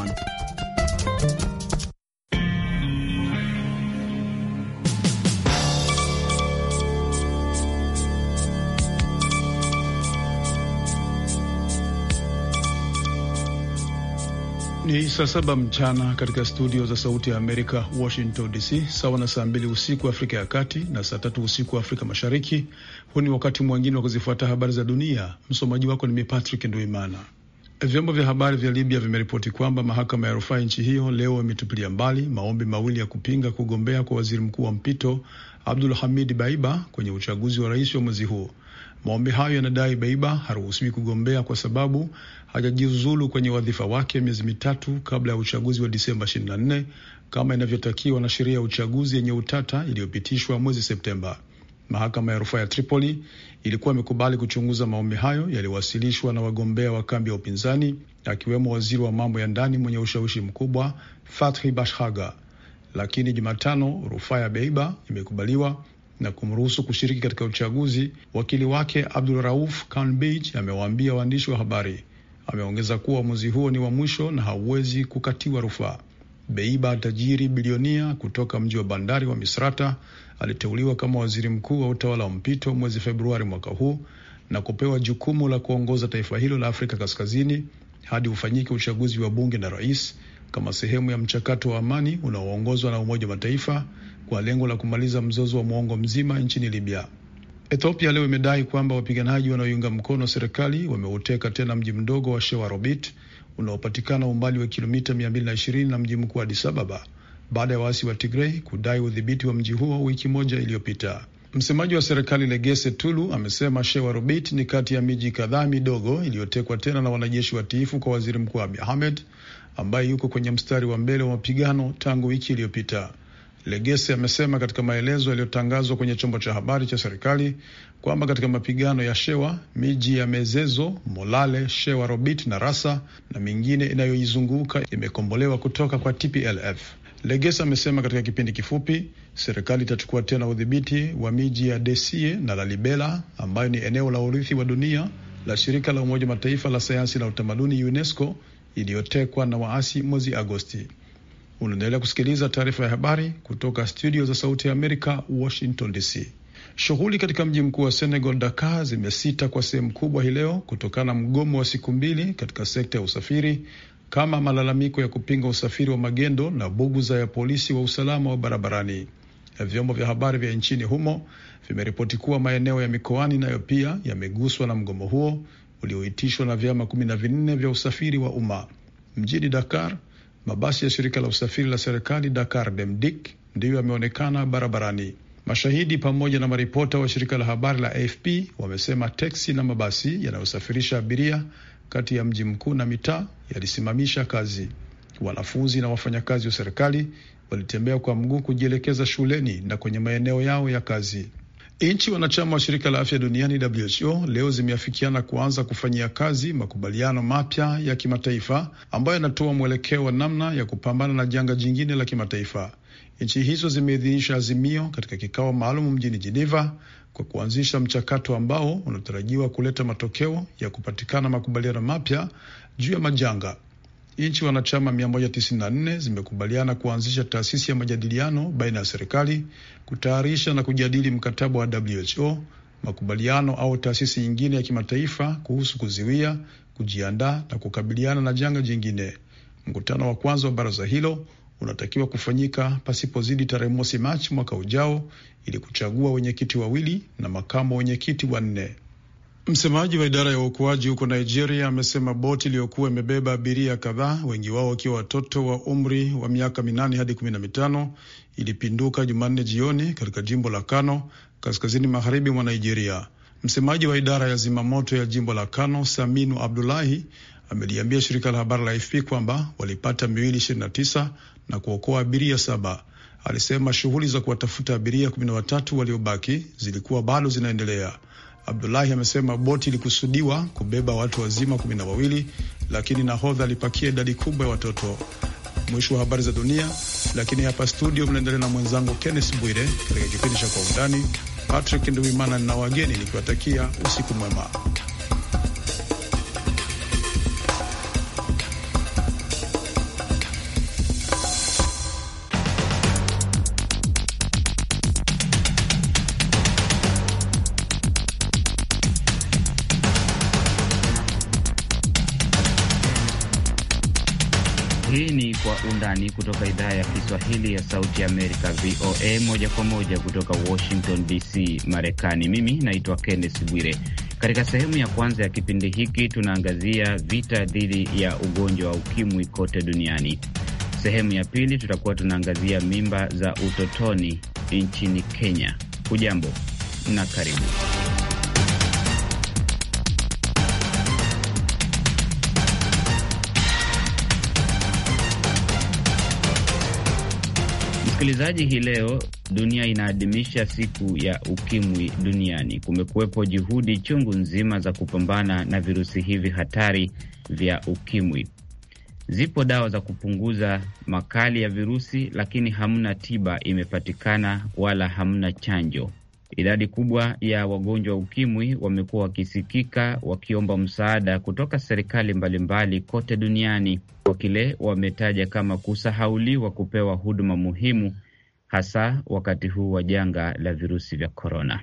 one. Ni saa saba mchana katika studio za Sauti ya Amerika, Washington DC, sawa na saa mbili usiku Afrika ya Kati na saa tatu usiku Afrika Mashariki. Huu ni wakati mwingine wa kuzifuata habari za dunia. Msomaji wako ni mimi Patrick Nduimana. Vyombo vya habari vya Libya vimeripoti kwamba mahakama ya rufaa nchi hiyo leo imetupilia mbali maombi mawili ya kupinga kugombea kwa waziri mkuu wa mpito Abdul Hamid Baiba kwenye uchaguzi wa rais wa mwezi huu. Maombi hayo yanadai Baiba haruhusiwi kugombea kwa sababu hajajiuzulu kwenye wadhifa wake miezi mitatu kabla ya uchaguzi wa Disemba 24 kama inavyotakiwa na sheria ya uchaguzi yenye utata iliyopitishwa mwezi Septemba. Mahakama ya rufaa ya Tripoli ilikuwa imekubali kuchunguza maombi hayo yaliyowasilishwa na wagombea wa kambi ya upinzani akiwemo waziri wa mambo ya ndani mwenye ushawishi mkubwa Fathi Bashaga, lakini Jumatano rufaa ya Beiba imekubaliwa na kumruhusu kushiriki katika uchaguzi. Wakili wake Abdul Rauf Kanbij amewaambia waandishi wa habari. Ameongeza kuwa uamuzi huo ni wa mwisho na hauwezi kukatiwa rufaa. Beiba, tajiri bilionia kutoka mji wa bandari wa Misrata, aliteuliwa kama waziri mkuu wa utawala wa mpito mwezi Februari mwaka huu na kupewa jukumu la kuongoza taifa hilo la Afrika Kaskazini hadi ufanyike uchaguzi wa bunge na rais kama sehemu ya mchakato wa amani unaoongozwa na Umoja wa Mataifa kwa lengo la kumaliza mzozo wa muongo mzima nchini Libya. Ethiopia leo imedai kwamba wapiganaji wanaoiunga mkono serikali wameuteka tena mji mdogo wa Shewarobit unaopatikana umbali wa kilomita 220 na mji mkuu Addis Ababa baada ya waasi wa Tigrei kudai udhibiti wa mji huo wiki moja iliyopita. Msemaji wa serikali legese Tulu amesema Shewa Robit ni kati ya miji kadhaa midogo iliyotekwa tena na wanajeshi watiifu kwa waziri mkuu abi Ahmed ambaye yuko kwenye mstari wa mbele wa mapigano tangu wiki iliyopita. legese amesema katika maelezo yaliyotangazwa kwenye chombo cha habari cha serikali kwamba katika mapigano ya Shewa, miji ya Mezezo, Molale, Shewa Robit na Rasa na mingine inayoizunguka imekombolewa kutoka kwa TPLF. Legesa amesema katika kipindi kifupi serikali itachukua tena udhibiti wa miji ya Desie na Lalibela ambayo ni eneo la urithi wa dunia la shirika la Umoja Mataifa la sayansi na utamaduni UNESCO iliyotekwa na waasi mwezi Agosti. Unaendelea kusikiliza taarifa ya habari kutoka studio za Sauti ya Amerika, Washington DC. Shughuli katika mji mkuu wa Senegal, Dakar, zimesita kwa sehemu kubwa hii leo kutokana na mgomo wa siku mbili katika sekta ya usafiri kama malalamiko ya kupinga usafiri wa magendo na buguza ya polisi wa usalama wa barabarani. Vyombo vya habari vya nchini humo vimeripoti kuwa maeneo ya mikoani nayo pia yameguswa na mgomo huo ulioitishwa na vyama kumi na vinne vya usafiri wa umma. Mjini Dakar, mabasi ya shirika la usafiri la serikali Dakar Demdik ndiyo yameonekana barabarani. Mashahidi pamoja na maripota wa shirika la habari la AFP wamesema teksi na mabasi yanayosafirisha abiria kati ya mji mkuu na mitaa yalisimamisha kazi. Wanafunzi na wafanyakazi wa serikali walitembea kwa mguu kujielekeza shuleni na kwenye maeneo yao ya kazi. Nchi wanachama wa shirika la afya duniani WHO leo zimeafikiana kuanza kufanyia kazi makubaliano mapya ya kimataifa ambayo yanatoa mwelekeo wa namna ya kupambana na janga jingine la kimataifa. Nchi hizo zimeidhinisha azimio katika kikao maalum mjini Geneva kwa kuanzisha mchakato ambao unatarajiwa kuleta matokeo ya kupatikana makubaliano mapya juu ya majanga. Nchi wanachama 194 zimekubaliana kuanzisha taasisi ya majadiliano baina ya serikali kutayarisha na kujadili mkataba wa WHO, makubaliano au taasisi nyingine ya kimataifa kuhusu kuziwia, kujiandaa na kukabiliana na janga jingine. Mkutano wa kwanza wa baraza hilo unatakiwa kufanyika pasipozidi tarehe mosi Machi mwaka ujao ili kuchagua wenyekiti wawili na makamo wenyekiti wanne. Msemaji wa idara ya uokoaji huko Nigeria amesema boti iliyokuwa imebeba abiria kadhaa, wengi wao wakiwa watoto wa umri wa miaka minane hadi kumi na mitano ilipinduka Jumanne jioni katika jimbo la Kano, kaskazini magharibi mwa Nigeria. Msemaji wa idara ya zimamoto ya jimbo la Kano, Saminu Abdulahi, ameliambia shirika la habari la AFP kwamba walipata miili 29 na kuokoa abiria saba. Alisema shughuli za kuwatafuta abiria kumi na watatu waliobaki zilikuwa bado zinaendelea. Abdulahi amesema boti ilikusudiwa kubeba watu wazima kumi na wawili, lakini nahodha alipakia idadi kubwa ya watoto. Mwisho wa habari za dunia, lakini hapa studio mnaendelea na mwenzangu Kenneth Bwire katika kipindi cha Kwa Undani. Patrick Nduwimana na wageni nikiwatakia usiku mwema. Hii ni Kwa Undani kutoka idhaa ya Kiswahili ya Sauti Amerika, VOA, moja kwa moja kutoka Washington DC, Marekani. Mimi naitwa kennes Bwire. Katika sehemu ya kwanza ya kipindi hiki tunaangazia vita dhidi ya ugonjwa wa ukimwi kote duniani. Sehemu ya pili tutakuwa tunaangazia mimba za utotoni nchini Kenya. Hujambo na karibu. Msikilizaji, hii leo dunia inaadhimisha siku ya ukimwi duniani. Kumekuwepo juhudi chungu nzima za kupambana na virusi hivi hatari vya ukimwi. Zipo dawa za kupunguza makali ya virusi, lakini hamna tiba imepatikana wala hamna chanjo. Idadi kubwa ya wagonjwa wa ukimwi wamekuwa wakisikika wakiomba msaada kutoka serikali mbalimbali kote duniani kwa kile wametaja kama kusahauliwa kupewa huduma muhimu, hasa wakati huu wa janga la virusi vya korona.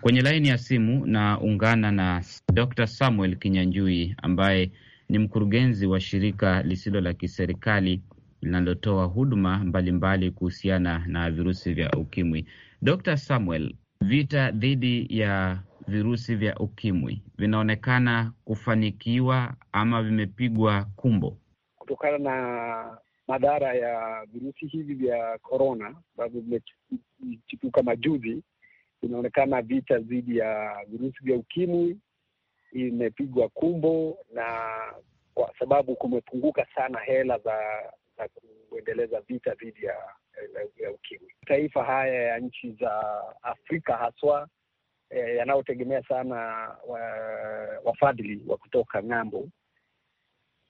Kwenye laini ya simu naungana na Dr Samuel Kinyanjui ambaye ni mkurugenzi wa shirika lisilo la kiserikali linalotoa huduma mbalimbali kuhusiana na virusi vya ukimwi. Dr. Samuel, vita dhidi ya virusi vya ukimwi vinaonekana kufanikiwa ama vimepigwa kumbo kutokana na madhara ya virusi hivi vya korona ambavyo vimechipuka majuzi. Inaonekana vita dhidi ya virusi vya ukimwi imepigwa kumbo, na kwa sababu kumepunguka sana hela za na kuendeleza vita dhidi ya, ya ukimwi. Taifa haya ya nchi za Afrika haswa eh, yanayotegemea sana wa, wafadhili wa kutoka ng'ambo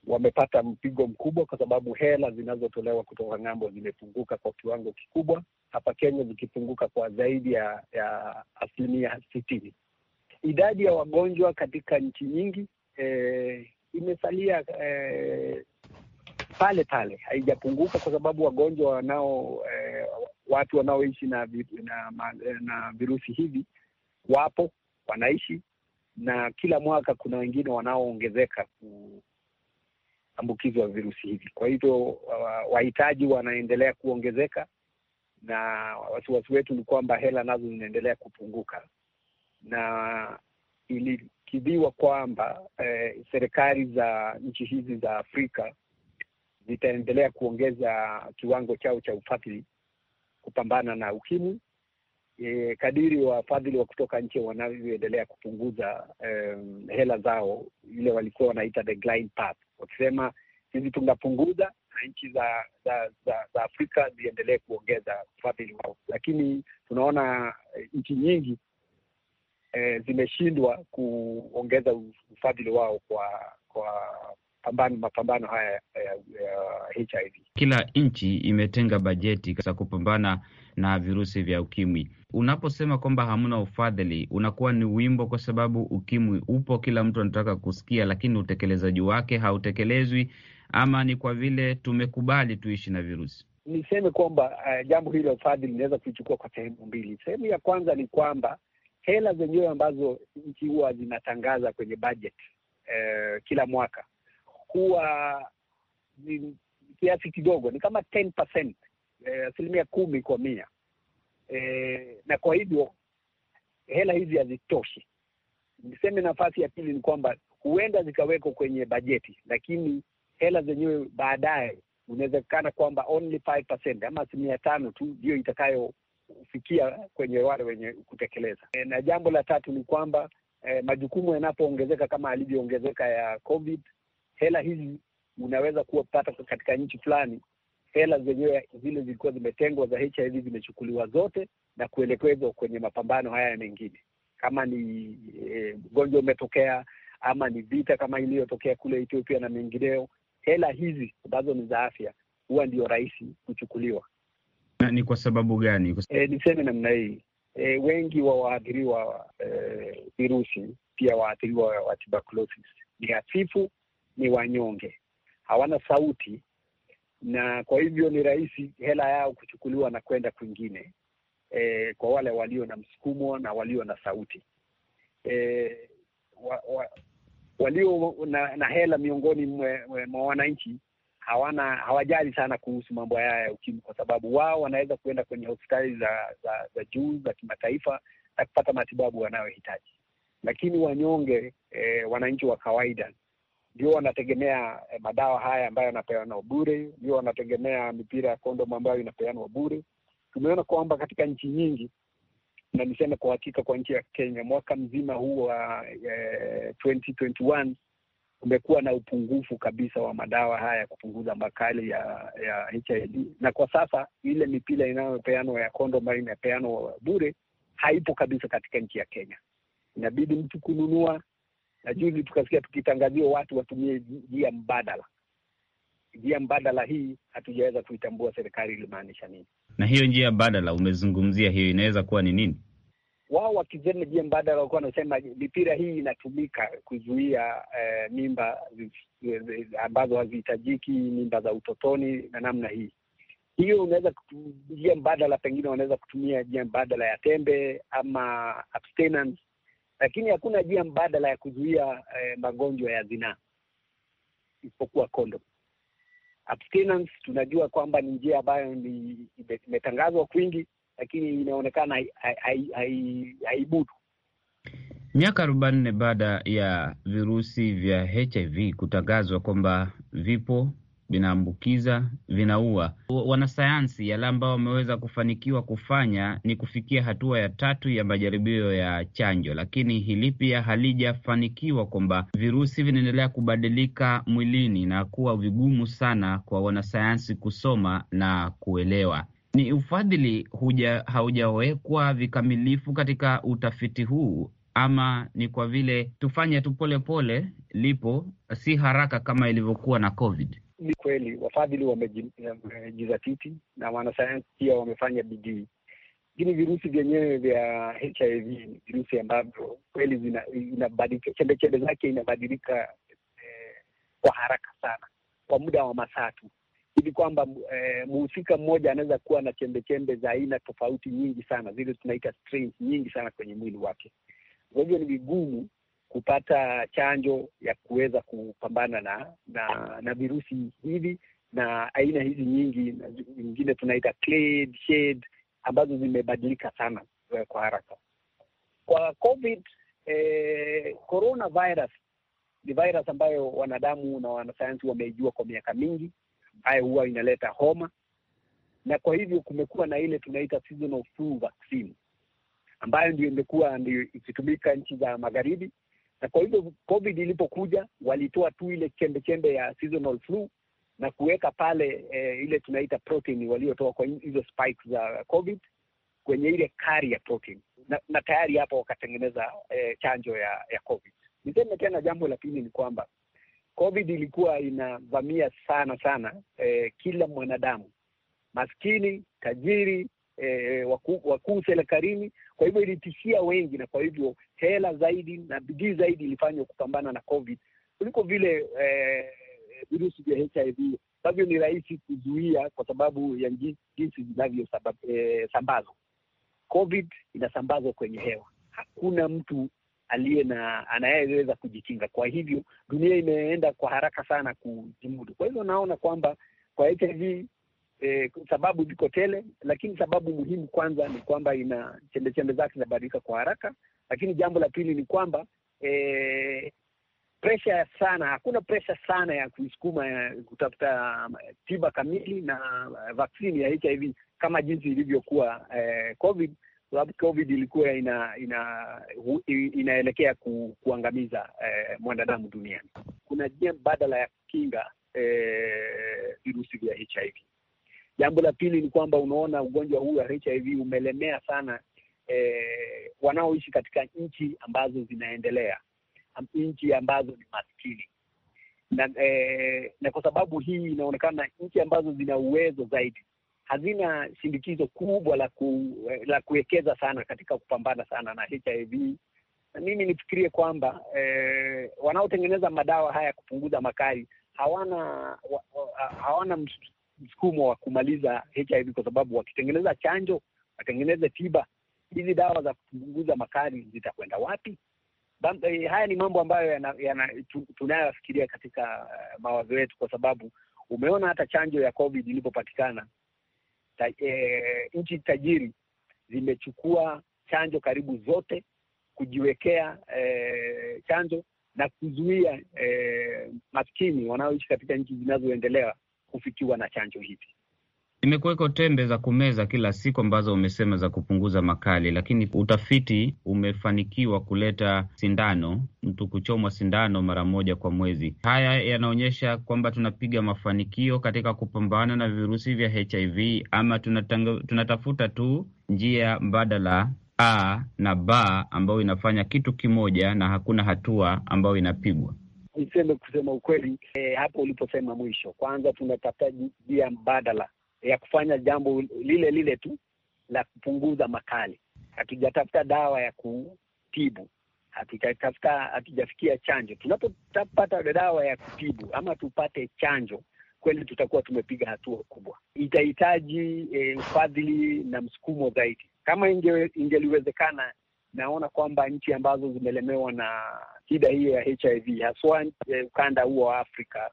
wamepata mpigo mkubwa kwa sababu hela zinazotolewa kutoka ng'ambo zimepunguka kwa kiwango kikubwa, hapa Kenya zikipunguka kwa zaidi ya, ya asilimia sitini. Idadi ya wagonjwa katika nchi nyingi eh, imesalia eh, pale pale, haijapunguka kwa sababu wagonjwa wanao eh, watu wanaoishi na, na, eh, na virusi hivi wapo wanaishi, na kila mwaka kuna wengine wanaoongezeka kuambukizwa virusi hivi. Kwa hivyo wahitaji wanaendelea kuongezeka, na wasiwasi wetu ni kwamba hela nazo zinaendelea kupunguka, na ilikidhiwa kwamba eh, serikali za nchi hizi za Afrika zitaendelea kuongeza kiwango chao cha ufadhili kupambana na ukimwi e, kadiri wafadhili wa kutoka nje wanavyoendelea kupunguza um, hela zao, ile walikuwa wanaita the glide path, wakisema sisi tunapunguza na nchi za za, za za Afrika ziendelee kuongeza ufadhili wao, lakini tunaona e, nchi nyingi e, zimeshindwa kuongeza ufadhili wao kwa kwa mapambano mapambano haya ya HIV. Kila nchi imetenga bajeti za kupambana na virusi vya ukimwi. Unaposema kwamba hamna ufadhili, unakuwa ni wimbo, kwa sababu ukimwi upo, kila mtu anataka kusikia, lakini utekelezaji wake hautekelezwi, ama ni kwa vile tumekubali tuishi na virusi. Niseme kwamba uh, jambo hili la ufadhili linaweza kuichukua kwa sehemu mbili. Sehemu ya kwanza ni kwamba hela zenyewe ambazo nchi huwa zinatangaza kwenye budget, uh, kila mwaka kuwa ni kiasi kidogo, ni kama 10%, eh, asilimia kumi kwa mia e, na kwa hivyo hela hizi hazitoshi. Niseme nafasi ya pili ni kwamba huenda zikawekwa kwenye bajeti, lakini hela zenyewe baadaye unawezekana kwamba only 5% ama asilimia tano tu ndiyo itakayofikia kwenye wale wenye kutekeleza. E, na jambo la tatu ni kwamba e, majukumu yanapoongezeka kama alivyoongezeka ya COVID hela hizi unaweza kuwapata katika nchi fulani, hela zenyewe zile zilikuwa zimetengwa za HIV zimechukuliwa zote na kuelekezwa kwenye mapambano haya mengine, kama ni e, ugonjwa e, umetokea ama ni vita kama iliyotokea kule Ethiopia na mengineo, hela hizi ambazo ni za afya huwa ndio rahisi kuchukuliwa. Na ni kwa sababu gani? E, niseme namna hii e, wengi wa waathiriwa e, virusi pia waathiriwa wa tuberculosis ni hafifu ni wanyonge, hawana sauti, na kwa hivyo ni rahisi hela yao kuchukuliwa na kwenda kwingine, e, kwa wale walio na msukumo na walio na sauti e, wa, wa, walio na, na hela miongoni mwa wananchi hawana hawajali sana kuhusu mambo haya ya ukimwi, kwa sababu wao wanaweza kuenda kwenye hospitali za za, za juu za kimataifa na kupata matibabu wanayohitaji, lakini wanyonge, e, wananchi wa kawaida ndio wanategemea eh, madawa haya ambayo yanapeanwa bure, ndio wanategemea mipira ya kondomu ambayo inapeanwa bure. Tumeona kwamba katika nchi nyingi, na niseme kwa hakika kwa nchi ya Kenya, mwaka mzima huu wa eh, 2021 na upungufu kabisa wa madawa haya ya kupunguza makali ya ya HIV, na kwa sasa ile mipira inayopeanwa ya kondomu ambayo inapeanwa bure haipo kabisa katika nchi ya Kenya. Inabidi mtu kununua na juzi tukasikia tukitangaziwa watu watumie njia mbadala. Njia mbadala hii hatujaweza kuitambua serikali ilimaanisha nini, na hiyo njia mbadala umezungumzia hiyo inaweza kuwa ni nini? Wao wakisema njia mbadala, walikuwa wanasema mipira hii inatumika kuzuia eh, mimba ambazo hazihitajiki, mimba za utotoni na namna hii hiyo unaweza njia mbadala, pengine wanaweza kutumia njia mbadala ya tembe ama abstinence lakini hakuna njia mbadala ya kuzuia eh, magonjwa ya zinaa isipokuwa kondom. Abstinence tunajua kwamba ni njia ambayo imetangazwa kwingi, lakini inaonekana haibudu miaka arobanne baada ya virusi vya HIV kutangazwa kwamba vipo vinaambukiza, vinaua. Wanasayansi yale ambao wameweza kufanikiwa kufanya ni kufikia hatua ya tatu ya majaribio ya chanjo, lakini hili pia halijafanikiwa, kwamba virusi vinaendelea kubadilika mwilini na kuwa vigumu sana kwa wanasayansi kusoma na kuelewa. Ni ufadhili haujawekwa vikamilifu katika utafiti huu ama ni kwa vile tufanye tu polepole, lipo si haraka kama ilivyokuwa na COVID. Ni kweli wafadhili wamejizatiti na wanasayansi pia wamefanya bidii, lakini virusi vyenyewe vya HIV ni virusi ambavyo kweli inabadilika, chembechembe zake inabadilika eh, kwa haraka sana kwa muda wa masaa tu hivi kwamba eh, mhusika mmoja anaweza kuwa na chembechembe za aina tofauti nyingi sana, zile tunaita strains nyingi sana kwenye mwili wake. Kwa hivyo ni vigumu kupata chanjo ya kuweza kupambana na, na na virusi hivi na aina hizi nyingi nyingine tunaita clade, shade ambazo zimebadilika sana eh, kwa haraka kwa COVID. Eh, coronavirus ni virus ambayo wanadamu na wanasayansi wameijua kwa miaka mingi, ambayo huwa inaleta homa, na kwa hivyo kumekuwa na ile tunaita seasonal flu vaccine ambayo ndio imekuwa ndio ikitumika nchi za magharibi na kwa hivyo COVID ilipokuja walitoa tu ile chembe chembe ya seasonal flu na kuweka pale e, ile tunaita protein waliotoa kwa hizo spikes za COVID kwenye ile ya protein na, na tayari hapo wakatengeneza e, chanjo ya ya COVID. Niseme tena jambo la pili ni kwamba COVID ilikuwa inavamia sana sana e, kila mwanadamu maskini, tajiri, eh, wakuu serikalini. Kwa hivyo ilitishia wengi, na kwa hivyo hela zaidi na bidii zaidi ilifanywa kupambana na COVID kuliko vile e, virusi vya HIV ambavyo ni rahisi kuzuia kwa sababu ya jinsi Eh, COVID inasambazwa kwenye hewa, hakuna mtu aliye na anayeweza kujikinga. Kwa hivyo dunia imeenda kwa haraka sana kujimudu. Kwa hivyo naona kwamba kwa HIV E, sababu ziko tele, lakini sababu muhimu kwanza ni kwamba ina chembe chembe zake zinabadilika kwa haraka, lakini jambo la pili ni kwamba e, eh, presha sana, hakuna presha sana ya kuisukuma kutafuta eh, tiba kamili na vaksini ya HIV kama jinsi ilivyokuwa eh, COVID, sababu COVID ilikuwa ina, ina, inaelekea ku, kuangamiza eh, mwanadamu duniani. Kuna njia mbadala ya kukinga eh, virusi vya HIV. Jambo la pili ni kwamba unaona ugonjwa huu wa HIV umelemea sana eh, wanaoishi katika nchi ambazo zinaendelea, nchi ambazo ni maskini na, eh, na kwa sababu hii inaonekana nchi ambazo zina uwezo zaidi hazina shindikizo kubwa la ku, la kuwekeza sana katika kupambana sana na HIV. Na mimi nifikirie kwamba eh, wanaotengeneza madawa haya ya kupunguza makali hawana wa, wa, hawana msukumo wa kumaliza HIV kwa sababu wakitengeneza chanjo, watengeneze tiba, hizi dawa za kupunguza makali zitakwenda wapi? Bamba, eh, haya ni mambo ambayo tunayoyafikiria katika uh, mawazo yetu, kwa sababu umeona hata chanjo ya COVID ilipopatikana ta, e, nchi tajiri zimechukua chanjo karibu zote kujiwekea e, chanjo na kuzuia e, maskini wanaoishi katika nchi zinazoendelea kufikiwa na chanjo hizi. Imekuweko tembe za kumeza kila siku ambazo umesema za kupunguza makali, lakini utafiti umefanikiwa kuleta sindano, mtu kuchomwa sindano mara moja kwa mwezi. Haya yanaonyesha kwamba tunapiga mafanikio katika kupambana na virusi vya HIV ama tunatafuta tu njia mbadala A na B ambayo inafanya kitu kimoja na hakuna hatua ambayo inapigwa niseme kusema ukweli e, hapo uliposema mwisho, kwanza tunatafuta njia mbadala ya kufanya jambo lile lile tu la kupunguza makali. Hatujatafuta dawa ya kutibu, hatujatafuta, hatujafikia chanjo. Tunapopata dawa ya kutibu ama tupate chanjo kweli tutakuwa tumepiga hatua kubwa. Itahitaji e, ufadhili na msukumo zaidi. Kama ingeliwezekana, naona kwamba nchi ambazo zimelemewa na shida hiyo ya HIV haswa eh, ukanda huo wa Afrika,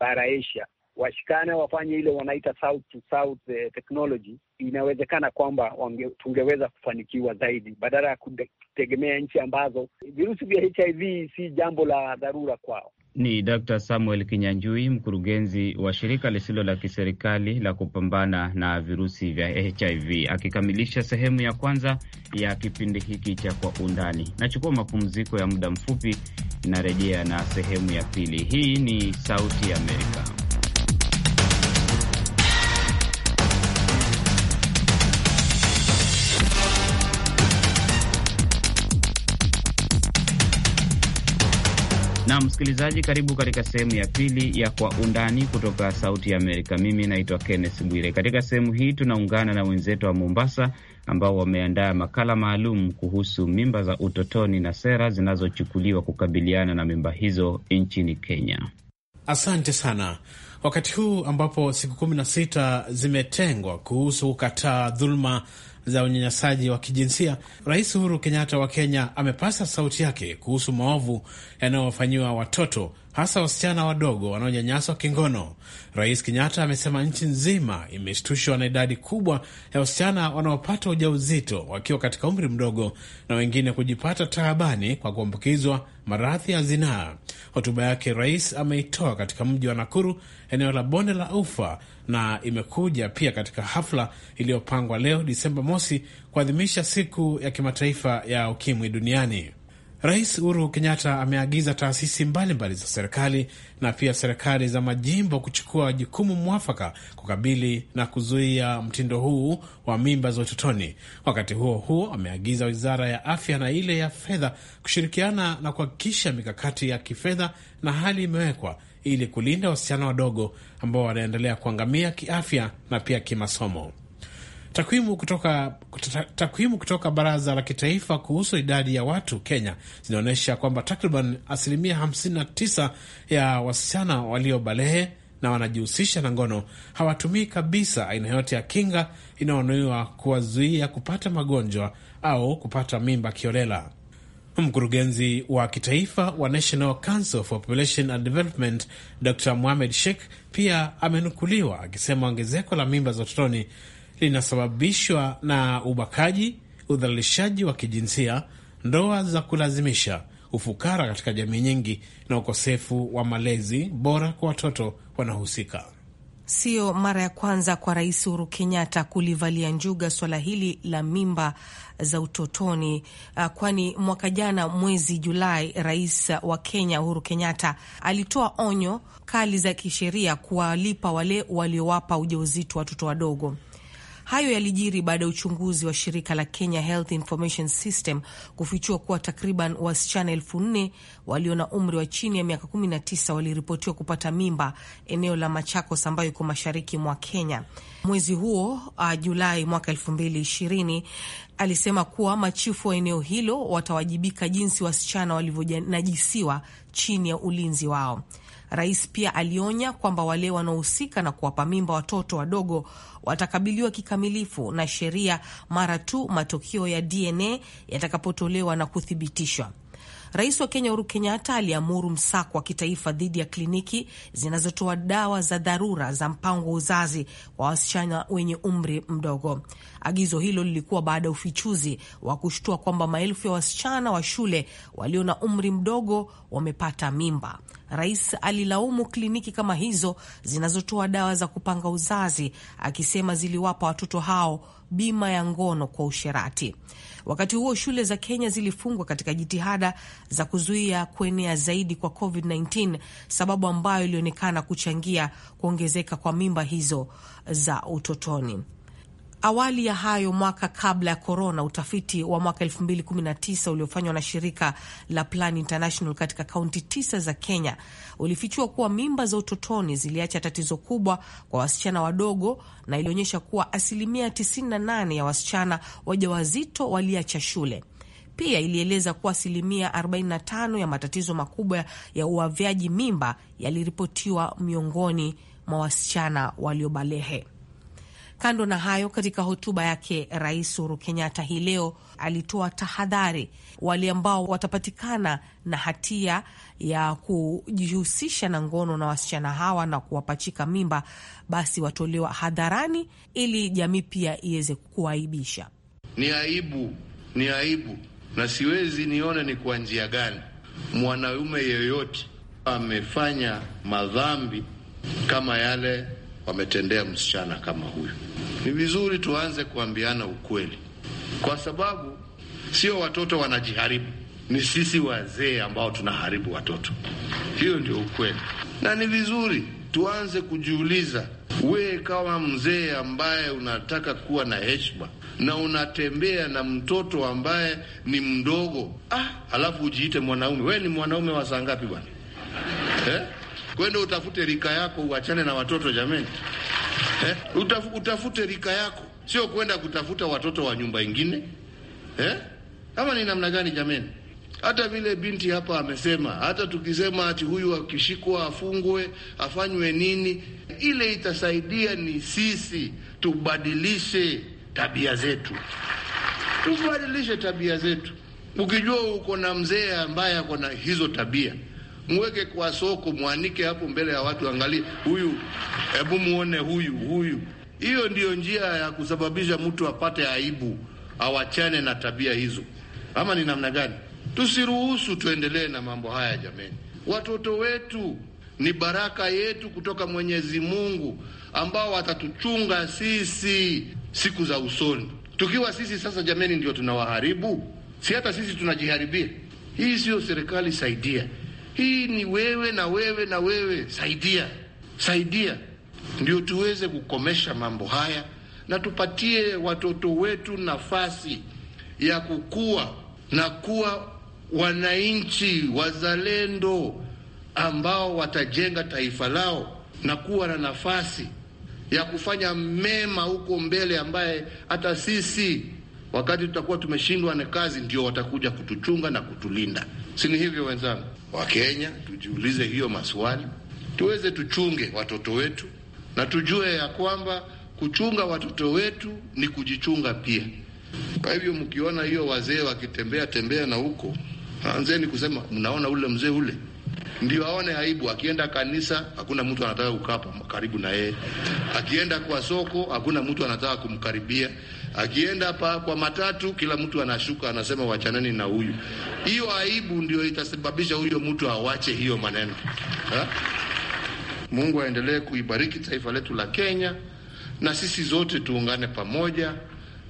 bara Asia washikane wafanye ile wanaita south to south eh, technology, inawezekana kwamba tungeweza kufanikiwa zaidi, badala ya kutegemea nchi ambazo virusi vya HIV si jambo la dharura kwao. Ni Dr. Samuel Kinyanjui, mkurugenzi wa shirika lisilo la kiserikali la kupambana na virusi vya HIV, akikamilisha sehemu ya kwanza ya kipindi hiki cha Kwa Undani. Nachukua mapumziko ya muda mfupi, inarejea na sehemu ya pili. Hii ni Sauti ya Amerika. Na msikilizaji, karibu katika sehemu ya pili ya Kwa Undani kutoka Sauti ya Amerika. Mimi naitwa Kenneth Bwire. Katika sehemu hii tunaungana na wenzetu wa Mombasa ambao wameandaa makala maalum kuhusu mimba za utotoni na sera zinazochukuliwa kukabiliana na mimba hizo nchini Kenya. Asante sana. Wakati huu ambapo siku kumi na sita zimetengwa kuhusu kukataa dhuluma za unyanyasaji wa kijinsia, Rais Uhuru Kenyatta wa Kenya amepasa sauti yake kuhusu maovu yanayofanyiwa watoto hasa wasichana wadogo wanaonyanyaswa kingono. Rais Kenyatta amesema nchi nzima imeshtushwa na idadi kubwa ya wasichana wanaopata ujauzito wakiwa katika umri mdogo na wengine kujipata taabani kwa kuambukizwa maradhi ya zinaa. Hotuba yake rais ameitoa katika mji wa Nakuru, eneo la bonde la Ufa, na imekuja pia katika hafla iliyopangwa leo Disemba mosi kuadhimisha siku ya kimataifa ya ukimwi duniani. Rais Uhuru Kenyatta ameagiza taasisi mbalimbali za serikali na pia serikali za majimbo kuchukua jukumu mwafaka kukabili na kuzuia mtindo huu wa mimba za utotoni. Wakati huo huo, ameagiza wizara ya afya na ile ya fedha kushirikiana na kuhakikisha mikakati ya kifedha na hali imewekwa ili kulinda wasichana wadogo ambao wanaendelea kuangamia kiafya na pia kimasomo. Takwimu kutoka, takwimu kutoka Baraza la Kitaifa kuhusu idadi ya watu Kenya zinaonyesha kwamba takriban asilimia 59 ya wasichana waliobalehe na wanajihusisha na ngono hawatumii kabisa aina yote ya kinga inayonuiwa kuwazuia kupata magonjwa au kupata mimba kiolela. Mkurugenzi wa kitaifa wa National Council for Population and Development Dr Mohamed Sheikh pia amenukuliwa akisema ongezeko la mimba za utotoni linasababishwa na ubakaji, udhalilishaji wa kijinsia, ndoa za kulazimisha, ufukara katika jamii nyingi na ukosefu wa malezi bora kwa watoto wanahusika Sio mara ya kwanza kwa Rais Uhuru Kenyatta kulivalia njuga swala hili la mimba za utotoni, ah, kwani mwaka jana mwezi Julai, rais wa Kenya Uhuru Kenyatta alitoa onyo kali za kisheria kuwalipa wale waliowapa ujauzito watoto wadogo. Hayo yalijiri baada ya uchunguzi wa shirika la Kenya Health Information System kufichua kuwa takriban wasichana elfu nne walio na umri wa chini ya miaka 19 waliripotiwa kupata mimba eneo la Machakos ambayo iko mashariki mwa Kenya mwezi huo uh, Julai mwaka ishirini Alisema kuwa machifu wa eneo hilo watawajibika jinsi wasichana walivyonajisiwa chini ya ulinzi wao. Rais pia alionya kwamba wale wanaohusika na kuwapa mimba watoto wadogo watakabiliwa kikamilifu na sheria mara tu matokeo ya DNA yatakapotolewa na kuthibitishwa. Rais wa Kenya Uhuru Kenyatta aliamuru msako wa kitaifa dhidi ya kliniki zinazotoa dawa za dharura za mpango wa uzazi wa wasichana wenye umri mdogo. Agizo hilo lilikuwa baada ya ufichuzi wa kushtua kwamba maelfu ya wasichana wa shule walio na umri mdogo wamepata mimba. Rais alilaumu kliniki kama hizo zinazotoa dawa za kupanga uzazi, akisema ziliwapa watoto hao bima ya ngono kwa usherati. Wakati huo shule za Kenya zilifungwa katika jitihada za kuzuia kuenea zaidi kwa COVID-19, sababu ambayo ilionekana kuchangia kuongezeka kwa mimba hizo za utotoni. Awali ya hayo mwaka kabla ya korona, utafiti wa mwaka 2019 uliofanywa na shirika la Plan International katika kaunti tisa za Kenya ulifichua kuwa mimba za utotoni ziliacha tatizo kubwa kwa wasichana wadogo, na ilionyesha kuwa asilimia 98 ya wasichana wajawazito waliacha shule. Pia ilieleza kuwa asilimia 45 ya matatizo makubwa ya uavyaji mimba yaliripotiwa miongoni mwa wasichana waliobalehe. Kando na hayo, katika hotuba yake Rais Uhuru Kenyatta hii leo alitoa tahadhari wale ambao watapatikana na hatia ya kujihusisha na ngono na wasichana hawa na kuwapachika mimba, basi watolewa hadharani ili jamii pia iweze kuwaibisha. Ni aibu, ni aibu, na siwezi nione ni kwa njia gani mwanaume yeyote amefanya madhambi kama yale wametendea msichana kama huyu. Ni vizuri tuanze kuambiana ukweli, kwa sababu sio watoto wanajiharibu, ni sisi wazee ambao tunaharibu watoto. Hiyo ndio ukweli, na ni vizuri tuanze kujiuliza, we kama mzee ambaye unataka kuwa na heshima na unatembea na mtoto ambaye ni mdogo ah, alafu ujiite mwanaume. We ni mwanaume wa saa ngapi bwana eh? kwenda utafute rika yako, uachane na watoto jameni, eh? Utaf, utafute rika yako, sio kwenda kutafuta watoto wa nyumba ingine eh? Kama ni namna gani jameni? Hata vile binti hapa amesema, hata tukisema ati huyu akishikwa afungwe afanywe nini, ile itasaidia ni sisi tubadilishe tabia zetu, tubadilishe tabia zetu. Ukijua uko na mzee ambaye ako na hizo tabia mweke kwa soko, mwanike hapo mbele ya watu, angalie huyu, hebu muone huyu huyu. Hiyo ndiyo njia ya kusababisha mtu apate aibu, awachane na tabia hizo. Ama ni namna gani? Tusiruhusu tuendelee na mambo haya jameni. Watoto wetu ni baraka yetu kutoka Mwenyezi Mungu ambao watatuchunga sisi siku za usoni. Tukiwa sisi sasa jameni, ndio tunawaharibu, si hata sisi tunajiharibia. Hii siyo serikali saidia. Hii ni wewe na wewe na wewe, saidia saidia, ndio tuweze kukomesha mambo haya na tupatie watoto wetu nafasi ya kukua na kuwa wananchi wazalendo ambao watajenga taifa lao na kuwa na nafasi ya kufanya mema huko mbele, ambaye hata sisi wakati tutakuwa tumeshindwa na kazi, ndio watakuja kutuchunga na kutulinda. Si ni hivyo wenzangu? Wakenya tujiulize hiyo maswali, tuweze tuchunge watoto wetu na tujue ya kwamba kuchunga watoto wetu ni kujichunga pia. Kwa hivyo mkiona hiyo wazee wakitembea tembea na huko, anzeni kusema mnaona ule mzee ule, ndio aone aibu. Akienda kanisa, hakuna mtu anataka kukaa karibu na yeye. Akienda kwa soko, hakuna mtu anataka kumkaribia. Akienda pa kwa matatu, kila mtu anashuka anasema wachanani na huyu. Hiyo aibu ndio itasababisha huyo mtu awache hiyo maneno ha? Mungu aendelee kuibariki taifa letu la Kenya, na sisi zote tuungane pamoja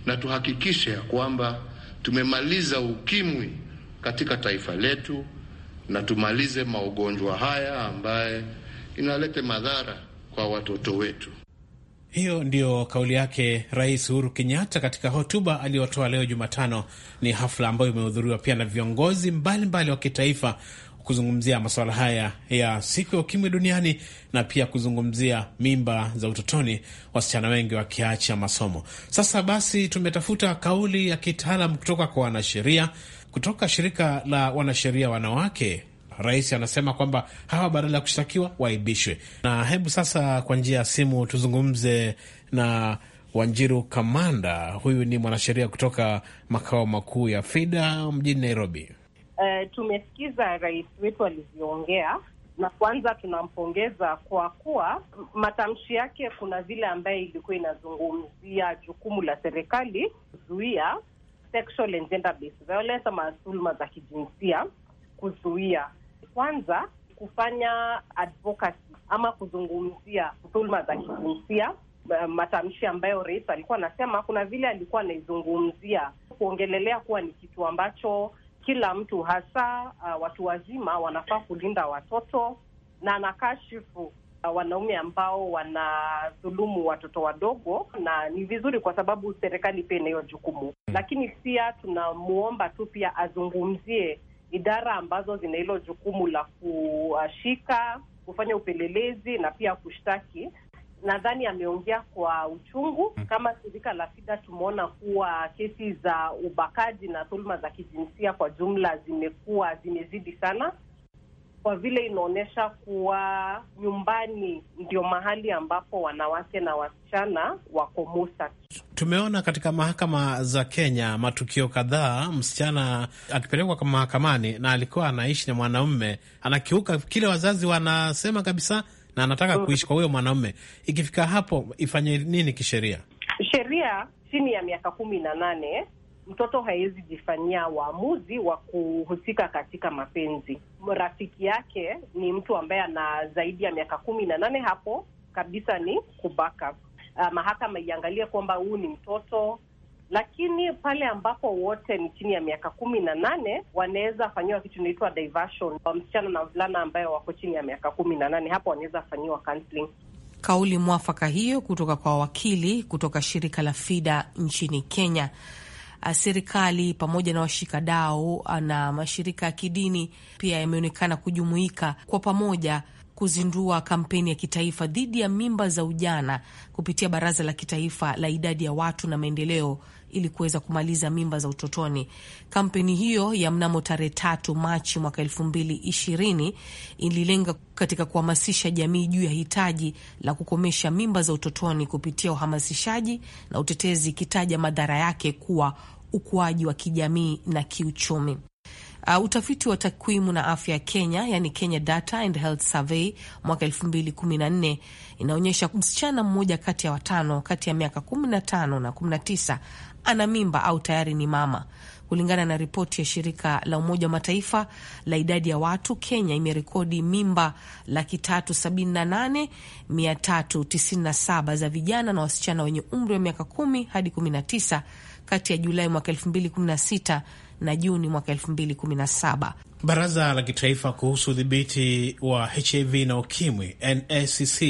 na tuhakikishe ya kwamba tumemaliza ukimwi katika taifa letu na tumalize maugonjwa haya ambaye inaleta madhara kwa watoto wetu. Hiyo ndiyo kauli yake Rais Uhuru Kenyatta katika hotuba aliyotoa leo Jumatano. Ni hafla ambayo imehudhuriwa pia na viongozi mbalimbali wa kitaifa kuzungumzia masuala haya ya siku ya ukimwi duniani na pia kuzungumzia mimba za utotoni, wasichana wengi wakiacha masomo. Sasa basi, tumetafuta kauli ya kitaalam kutoka kwa wanasheria kutoka shirika la wanasheria wanawake rais anasema kwamba hawa badala ya kushtakiwa waibishwe. Na hebu sasa kwa njia ya simu tuzungumze na Wanjiru Kamanda. Huyu ni mwanasheria kutoka makao makuu ya FIDA mjini Nairobi. Uh, tumesikiza rais wetu alivyoongea, na kwanza tunampongeza kwa kuwa matamshi yake, kuna vile ambaye ilikuwa inazungumzia jukumu la serikali kuzuia sexual and gender based violence ama dhuluma za kijinsia, kuzuia kwanza kufanya advocacy ama kuzungumzia dhuluma za kijinsia eh, matamshi ambayo rais alikuwa anasema, kuna vile alikuwa anaizungumzia kuongelelea kuwa ni kitu ambacho kila mtu hasa uh, watu wazima wanafaa kulinda watoto, na anakashifu uh, ah, wanaume ambao wanadhulumu watoto wadogo, na ni vizuri kwa sababu serikali pia inayo jukumu, lakini pia tunamwomba tu pia azungumzie idara ambazo zina hilo jukumu la kushika, kufanya upelelezi na pia kushtaki. Nadhani ameongea kwa uchungu. Hmm. Kama shirika la FIDA tumeona kuwa kesi za ubakaji na dhuluma za kijinsia kwa jumla zimekuwa zimezidi sana, kwa vile inaonyesha kuwa nyumbani ndio mahali ambapo wanawake na wasichana wako musa. Tumeona katika mahakama za Kenya matukio kadhaa, msichana akipelekwa mahakamani na alikuwa anaishi na mwanaume, anakiuka kile wazazi wanasema kabisa, na anataka mm. kuishi kwa huyo mwanaume. Ikifika hapo, ifanye nini kisheria? Sheria chini ya miaka kumi na nane mtoto hawezi jifanyia uamuzi wa kuhusika katika mapenzi. Rafiki yake ni mtu ambaye ana zaidi ya miaka kumi na nane, hapo kabisa ni kubaka. Uh, mahakama iangalie kwamba huu ni mtoto, lakini pale ambapo wote ni chini ya miaka kumi na nane wanaweza fanyiwa kitu inaitwa diversion, msichana na mvulana ambayo wako chini ya miaka kumi na nane, hapo wanaweza fanyiwa counseling. Kauli mwafaka hiyo kutoka kwa wakili kutoka shirika la FIDA nchini Kenya. Uh, serikali pamoja na washikadau uh, na mashirika ya kidini pia yameonekana kujumuika kwa pamoja kuzindua kampeni ya kitaifa dhidi ya mimba za ujana kupitia Baraza la Kitaifa la Idadi ya Watu na Maendeleo ili kuweza kumaliza mimba za utotoni. Kampeni hiyo ya mnamo tarehe tatu Machi mwaka elfu mbili ishirini ililenga katika kuhamasisha jamii juu ya hitaji la kukomesha mimba za utotoni kupitia uhamasishaji na utetezi, ikitaja madhara yake kuwa ukuaji wa kijamii na kiuchumi. Uh, utafiti wa takwimu na afya ya Kenya yani Kenya Data and Health Survey mwaka 2014 inaonyesha msichana mmoja kati ya watano kati ya miaka 15 na 19 ana mimba au tayari ni mama. Kulingana na ripoti ya shirika la Umoja wa Mataifa la idadi ya watu, Kenya imerekodi mimba laki tatu sabini na nane mia tatu tisini na saba za vijana na wasichana wenye umri wa miaka kumi hadi kumi na tisa kati ya Julai mwaka elfu mbili kumi na sita na Juni mwaka elfu mbili kumi na saba. Baraza la Kitaifa kuhusu udhibiti wa HIV na Ukimwi, NACC,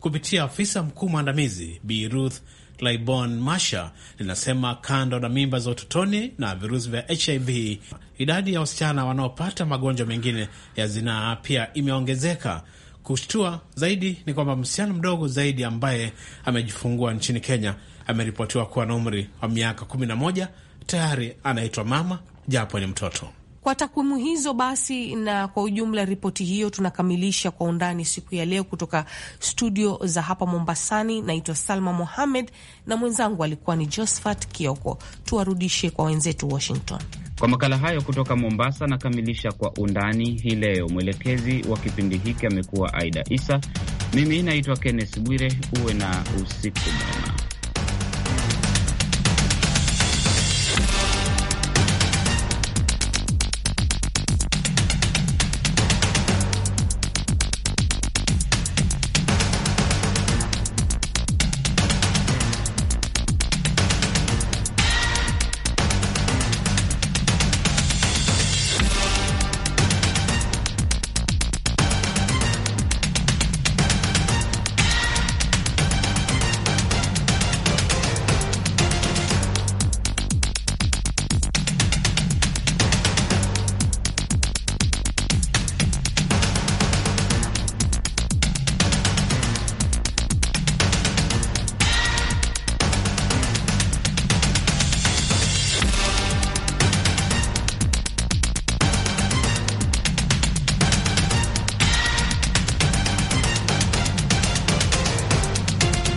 kupitia afisa mkuu mwandamizi Bi Ruth Claiborne Masha linasema kando na mimba za utotoni na virusi vya HIV, idadi ya wasichana wanaopata magonjwa mengine ya zinaa pia imeongezeka. Kushtua zaidi ni kwamba msichana mdogo zaidi ambaye amejifungua nchini Kenya ameripotiwa kuwa na umri wa miaka 11 tayari anaitwa mama japo ni mtoto. Kwa takwimu hizo basi na kwa ujumla ripoti hiyo tunakamilisha kwa undani siku ya leo kutoka studio za hapa Mombasani. Naitwa Salma Mohamed na mwenzangu alikuwa ni josphat Kioko. Tuwarudishe kwa wenzetu Washington kwa makala hayo kutoka Mombasa. Nakamilisha kwa undani hii leo. Mwelekezi wa kipindi hiki amekuwa Aida Isa. Mimi naitwa Kenneth Bwire. Uwe na usiku mwema.